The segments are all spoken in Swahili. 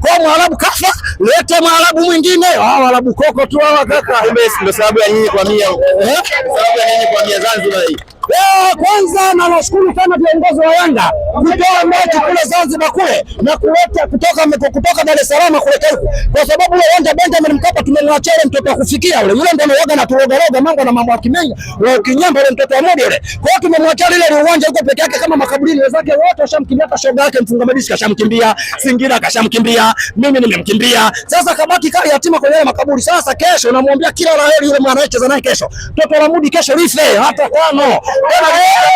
Kwa mwarabu kafa, lete mwarabu mwingine. Ah, koko tu hawa kaka. Ndio sababu ya nyinyi kwa mia. Eh? Sababu ya nyinyi kwa mia Zanzibar hii. Kwanza na nashukuru sana viongozi wa Yanga kutoa mechi kule Zanzibar kule na kuleta kutoka kutoka Dar es Salaam kuleta huku, kwa sababu uwanja Benjamin Mkapa tumemwachia mtoto akufikia ule yule, ndio anaoga na turogoroga mambo na mambo akimenya na ukinyamba ule mtoto amodi mmoja ule. Kwa hiyo tumemwachia ile uwanja huko peke yake, kama makaburini wenzake wote washamkimbia, hata shoga yake mfunga madishi kashamkimbia, Singida kashamkimbia, mimi nimemkimbia. Sasa kabaki kali yatima kwenye makaburi. Sasa kesho unamwambia kila la yule mwana cheza naye kesho, mtoto la mudi kesho life hata tano Ela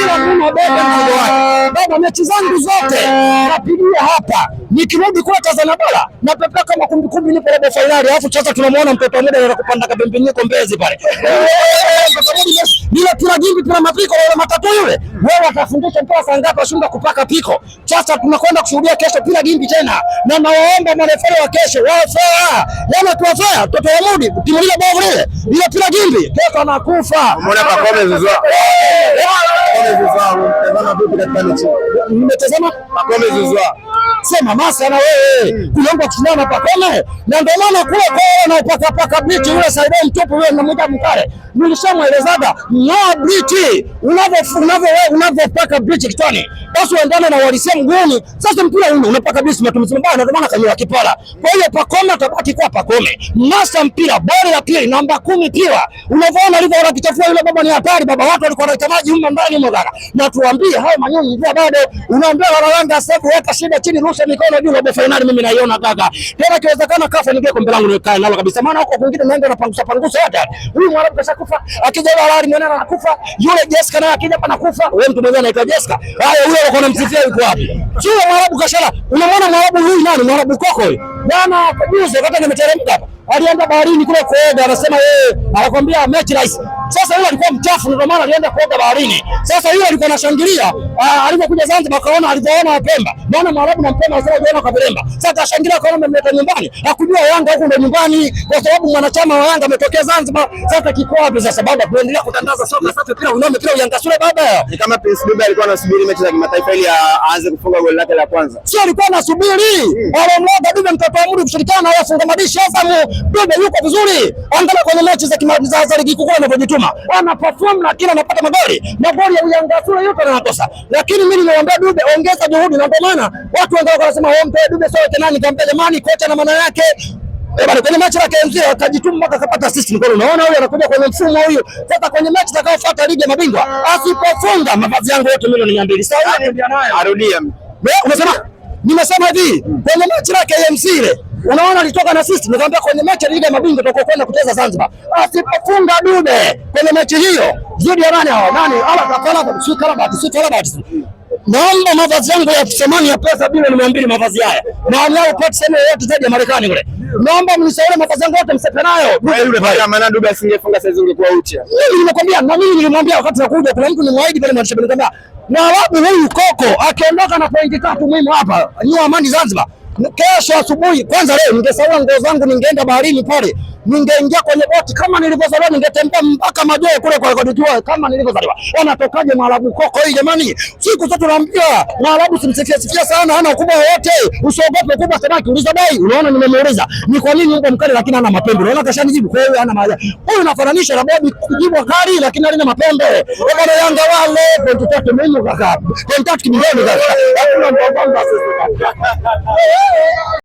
kila mtu anabeba ah. mzigo wake. Baba, mechi zangu zote napigia hapa, nikirudi kule Tanzania Bara napepea kama kumbukumbu, nipo robo finali, alafu sasa tunamuona mtoto mmoja anakupanda kabembeniko Mbezi pale bila tuna jimbi tuna mapiko wala matatu yule. Wewe atafundisha mpaka saa ngapi ashinda kupaka piko? Sasa tunakwenda kushuhudia kesho bila jimbi tena. Na nawaomba marefari wa kesho wao fea. Yana tu fea toto wa mudi timu ile bovu ile. Bila bila jimbi. Kesho anakufa. Umeona pa comments zao. Pacome Zouzoua, mmetazama vipi katika mechi? Mmetazama Pacome Zouzoua sema masa na wewe hmm. kusimama pa pakome, na ndio maana kule kwa hmm. na upaka paka bichi yule saidi mtupu wewe yule namwita mkare, nilishamwelezaga ngoa briti unavyopaka bichi kitani, basi uendane na walisia mguuni. Sasa mpira huu unapaka bichi matumizi mabaya, na ndio maana kanyoa kipala. Kwa hiyo pa pakome atabaki kwa pa pakome, masa mpira bora ya pili namba kumi pia unavyoona alivyo anakichafua yule baba ni hatari baba, watu walikuwa wanahitaji huko ndani mwa gara na tuambie hayo ndio bado unaambia wala wanga sasa, kuweka shida chini Nyoosha mikono juu, robo fainali mimi naiona kaka. Tena kiwezekana kafa ningie kombe langu nikae nalo kabisa, maana huko kwingine naenda na pangusa pangusa hata huyu mwarabu kashakufa, akija yule halali mwenyewe anakufa, yule Jessica naye akija hapa nakufa. Wewe mtu mwenyewe anaitwa Jessica, haya huyo alikuwa anamsifia yuko wapi? Sio mwarabu kashala, unamwona mwarabu huyu nani? Mwarabu koko huyu bwana, kajuzi wakati nimeteremka hapa alienda baharini kule kuoga, anasema yeye anakwambia mechi rahisi sasa yule alikuwa mchafu, ndio maana alienda kuoga baharini. Sasa yule alikuwa anashangilia alipokuja Zanzibar, kaona alivyoona Wapemba, maana Mwarabu na Mpemba lazima uone kwa Pemba. Sasa akashangilia, kaona amemleta nyumbani, hakujua Yanga huko ndio nyumbani, kwa sababu mwanachama wa Yanga ametokea Zanzibar. Sasa kiko wapi sasa baba, kuendelea kutangaza soka sasa, pia unome kila Yanga sura baba, ni kama Prince Dube alikuwa anasubiri mechi za kimataifa ili aanze kufunga goli lake la kwanza, sio? Alikuwa anasubiri hmm. alimwaga Dube, mtoto wa kushirikiana na wafunga madishi. Sasa Dube yuko vizuri, angalia kwenye mechi za kimataifa za ligi kuu anavyojitoa Dodoma ana perform lakini anapata magoli magoli ya Yanga sura yote anakosa, lakini mimi nimemwambia Dube ongeza juhudi, na ndio maana watu wengi wako wanasema wao oh, mpe Dube sio tena, nikampa jamani, kocha na maana yake E eh, bana, kwenye mechi ya KMC akajituma mpaka akapata assist. Unaona huyu anakuja kwenye mfumo huyo. Sasa kwenye mechi itakayofuata ligi ya mabingwa asipofunga mavazi yangu yote milioni mia mbili. Sawa, arudia. Unasema nimesema hivi hmm. kwenye mechi ya KMC ile Unaona, alitoka na sisi nikamwambia, kwenye mechi ya ligi ya mabingwa tutakuwa kwenda kucheza Zanzibar, asipofunga dude kwenye mechi hiyo dhidi ya nani, hao nani, ala sisi sisi kala kala naomba mavazi yangu ya thamani ya pesa bilioni mia mbili mavazi haya na upate sehemu yoyote zaidi ya Marekani kule Naomba mnisaidie mavazi yangu yote msepe nayo. yule Maana dude asingefunga sasa zingekuwa uchi. Mimi nimekwambia na mimi nilimwambia wakati nakuja kuna mtu nimwaahidi pale mwanashabiki kwamba na wabu huyu Koko akiondoka na pointi tatu muhimu hapa. Ni amani Zanzibar kesho asubuhi. Kwanza leo ningesaula nguo zangu, ningeenda baharini pale ningeingia kwenye boti kama nilivyozaliwa, ningetembea mpaka majoe kule kwa kodi tuwa kama nilivyozaliwa. Wanatokaje Mwarabu koko hii jamani? Siku zote tunaambia Mwarabu simsifia sikia sana, hana ukubwa wote, usiogope kubwa samaki, uliza bei. Unaona, nimemuuliza ni kwa nini mbwa mkali lakini ana mapembe. Unaona kashanijibu, kwa hiyo hana maana. Huyu nafananisha na bodi kujibwa kali lakini alina mapembe. Bado Yanga wale pointi tatu, mimi kaka, pointi tatu kimbele kaka, hakuna mbwa mbwa sisi